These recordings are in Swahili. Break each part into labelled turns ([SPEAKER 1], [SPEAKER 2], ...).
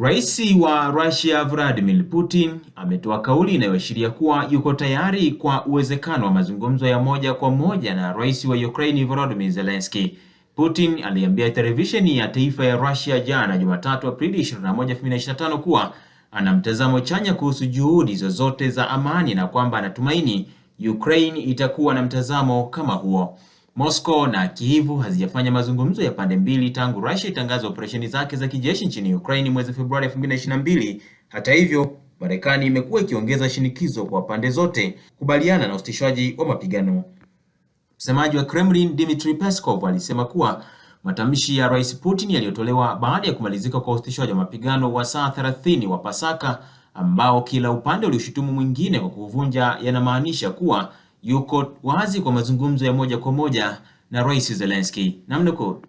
[SPEAKER 1] Rais wa Russia Vladimir Putin ametoa kauli inayoashiria kuwa yuko tayari kwa uwezekano wa mazungumzo ya moja kwa moja na Rais wa Ukraine Volodymyr Zelensky. Putin aliambia televisheni ya taifa ya Russia jana Jumatatu Aprili 21, 2025 kuwa ana mtazamo chanya kuhusu juhudi zozote za amani na kwamba anatumaini Ukraine itakuwa na mtazamo kama huo. Moscow na Kyiv hazijafanya mazungumzo ya pande mbili tangu Russia itangaza operesheni zake za kijeshi nchini Ukraine mwezi Februari 2022. Hata hivyo, Marekani imekuwa ikiongeza shinikizo kwa pande zote kubaliana na usitishwaji wa mapigano. Msemaji wa Kremlin, Dmitry Peskov, alisema kuwa matamshi ya Rais Putin yaliyotolewa baada ya kumalizika kwa usitishwaji wa mapigano wa saa 30 wa Pasaka ambao kila upande uliushutumu mwingine kwa kuvunja yanamaanisha kuwa yuko wazi kwa mazungumzo ya moja kwa moja na Rais Zelensky. Namnuko,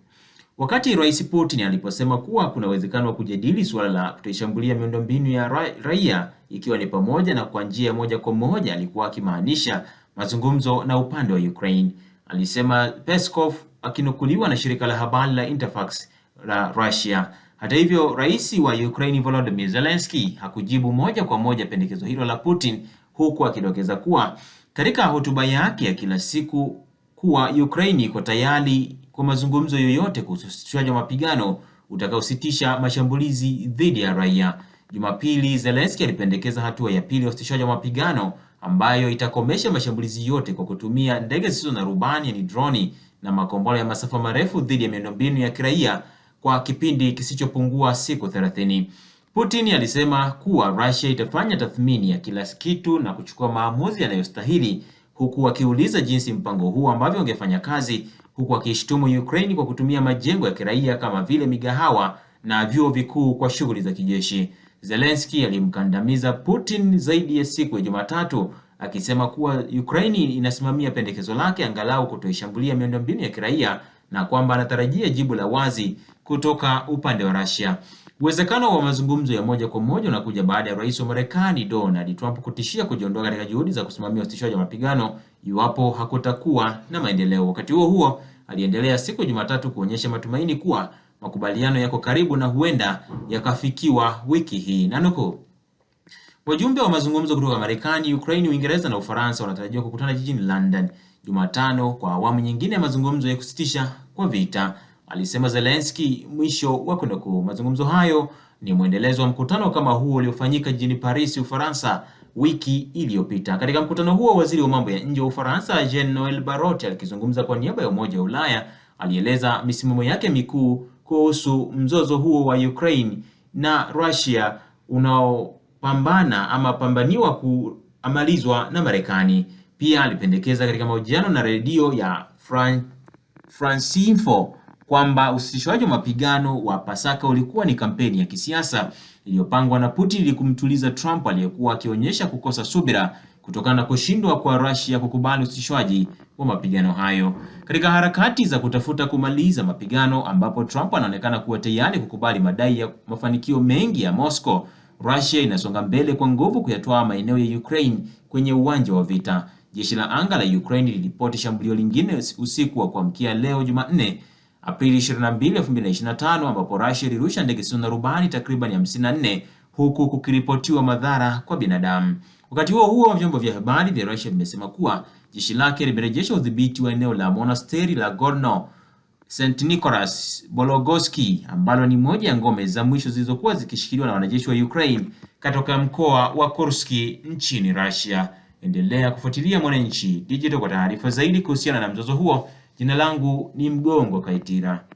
[SPEAKER 1] wakati Rais Putin aliposema kuwa kuna uwezekano wa kujadili suala la kutoishambulia miundombinu ya ra raia ikiwa ni pamoja na kwa njia moja kwa moja, alikuwa akimaanisha mazungumzo na upande wa Ukraine, alisema Peskov akinukuliwa na shirika la habari la Interfax la Russia. Hata hivyo, rais wa Ukraine Volodymyr Zelensky hakujibu moja kwa moja pendekezo hilo la Putin, huku akidokeza kuwa katika hotuba yake ya kila siku kuwa Ukraine iko tayari kwa mazungumzo yoyote kuhusu usitishaji wa mapigano utakaositisha mashambulizi dhidi ya raia. Jumapili, Zelensky alipendekeza hatua ya pili ya usitishaji wa mapigano ambayo itakomesha mashambulizi yote kwa kutumia ndege zisizo na rubani yaani droni na makombora ya masafa marefu dhidi ya miundombinu ya kiraia kwa kipindi kisichopungua siku 30. Putin alisema kuwa Russia itafanya tathmini ya kila kitu na kuchukua maamuzi yanayostahili huku akiuliza jinsi mpango huu ambavyo ungefanya kazi huku akishutumu Ukraine kwa kutumia majengo ya kiraia kama vile migahawa na vyuo vikuu kwa shughuli za kijeshi. Zelensky alimkandamiza Putin zaidi ya siku ya Jumatatu akisema kuwa Ukraine inasimamia pendekezo lake angalau kutoishambulia miundombinu ya kiraia na kwamba anatarajia jibu la wazi kutoka upande wa Russia. Uwezekano wa mazungumzo ya moja kwa moja unakuja baada ya rais wa Marekani Donald Trump kutishia kujiondoa katika juhudi za kusimamia usitishaji wa mapigano iwapo hakutakuwa na maendeleo. Wakati huo huo, aliendelea siku ya Jumatatu kuonyesha matumaini kuwa makubaliano yako karibu na huenda yakafikiwa wiki hii nanukuu Wajumbe wa mazungumzo kutoka Marekani, Ukraini, Uingereza na Ufaransa wanatarajiwa kukutana jijini London Jumatano kwa awamu nyingine ya mazungumzo ya kusitisha kwa vita alisema Zelensky, mwisho wa kunukuu. Mazungumzo hayo ni mwendelezo wa mkutano kama huo uliofanyika jijini Paris, Ufaransa wiki iliyopita. Katika mkutano huo, waziri wa mambo ya nje wa Ufaransa Jean Noel Barrot akizungumza kwa niaba ya Umoja wa Ulaya alieleza misimamo yake mikuu kuhusu mzozo huo wa Ukraine na Russia unaopambana ama pambaniwa kuamalizwa na Marekani. Pia alipendekeza katika mahojiano na redio ya Fran Franceinfo kwamba usitishwaji wa mapigano wa Pasaka ulikuwa ni kampeni ya kisiasa iliyopangwa na Putin ili kumtuliza Trump aliyekuwa akionyesha kukosa subira kutokana na kushindwa kwa Russia kukubali usitishwaji wa mapigano hayo. Katika harakati za kutafuta kumaliza mapigano, ambapo Trump anaonekana kuwa tayari kukubali madai ya mafanikio mengi ya Moscow, Russia inasonga mbele kwa nguvu kuyatoa maeneo ya Ukraine kwenye uwanja wa vita. Jeshi la anga la Ukraine liliripoti shambulio lingine usiku wa kuamkia leo Jumanne Aprili 22, 2025 ambapo Russia ilirusha ndege zisizo na rubani takriban 54 huku kukiripotiwa madhara kwa binadamu. Wakati huo huo, vyombo vya habari vya Russia vimesema kuwa jeshi lake limerejesha udhibiti wa eneo la monasteri la Gorno St. Nicholas Bologoski ambalo ni moja ya ngome za mwisho zilizokuwa zikishikiliwa na wanajeshi wa Ukraine katika mkoa wa Kursk nchini Russia. Endelea kufuatilia Mwananchi Digital kwa taarifa zaidi kuhusiana na mzozo huo Jina langu ni Mgongo Kaitira.